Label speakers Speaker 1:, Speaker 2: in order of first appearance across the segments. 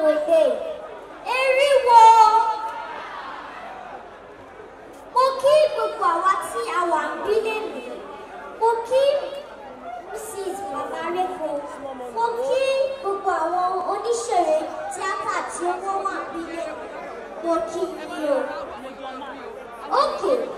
Speaker 1: òye eríwo mo kí gbogbo àwa tí a wà ń bí lèmi mo kí mrs mamareko mo kí gbogbo àwọn oníṣèré tíátà tí ó wọ́n wà ń Okay.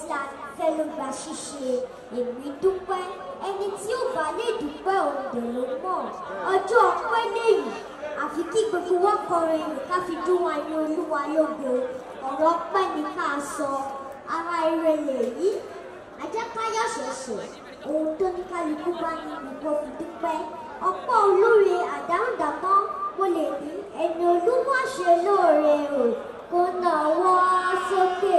Speaker 1: tí a fẹ́ ló gba ṣíṣe èmi dúpẹ́ ẹni tí ò bá lè dúpẹ́ òun dè ló mọ̀ ọjọ́ ọpẹ́ lèyí àfi kí gbogbo wọn kọrin ìlú ká fi dún wa ní olúwa lógo ọ̀rọ̀ ọpẹ́ ni ká sọ ara ire lèyí ajákáyọ̀ ṣẹ̀ṣẹ̀ ohun tó ní kálukú bá ní gbogbo fi dúpẹ́ ọ̀pọ̀ olóore àdáhùndàmọ́ mo lè ní ẹni olúmọ̀ṣe lóore o kó náà wọ́ sókè.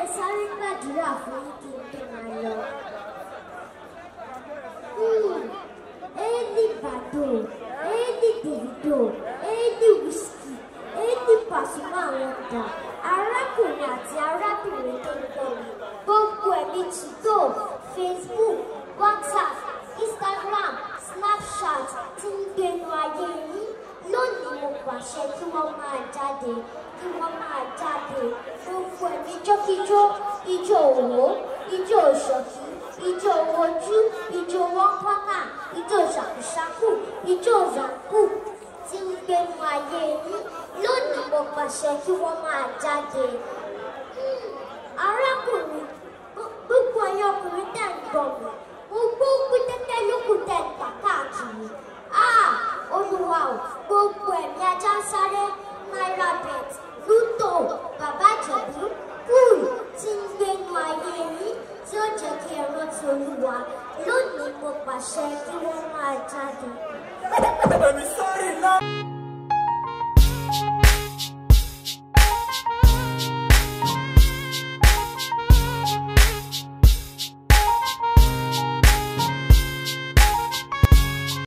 Speaker 1: ẹ sáré gbàdúrà fún kí n tó máa lọ. Éèdì Bàdó, Éèdì Dèvidò, Éèdì Wíṣkì, Éèdì Pàṣùmọ́ àwọn ọ̀dà, arákùnrin àti arábìnrin tó ń gbọ́ Gbogbo ẹ̀mí ti Facebook, WhatsApp, Instagram, Snapchat ti ń gbẹnu ayé yín àṣẹ kí wọ́n máa jáde kí wọ́n máa jáde gbogbo ẹ̀mí jókíjó ijó òwò ijó òṣòkí ijó ojú ijó wọ́pọ́nà ijó ṣàkúṣàkù ijó zàkù tí ń gbénu ayé yín lónìí mo pàṣẹ kí wọ́n máa jáde. arákùnrin gbogbo ẹ̀yọkùnrin ajá ń sáré náírà bet lútò bàbá ìjẹ̀bú kúrú tí ń gbénu ayé yín tí ó jẹ́ kí ẹ rántí olúwa lónìí mo pàṣẹ kí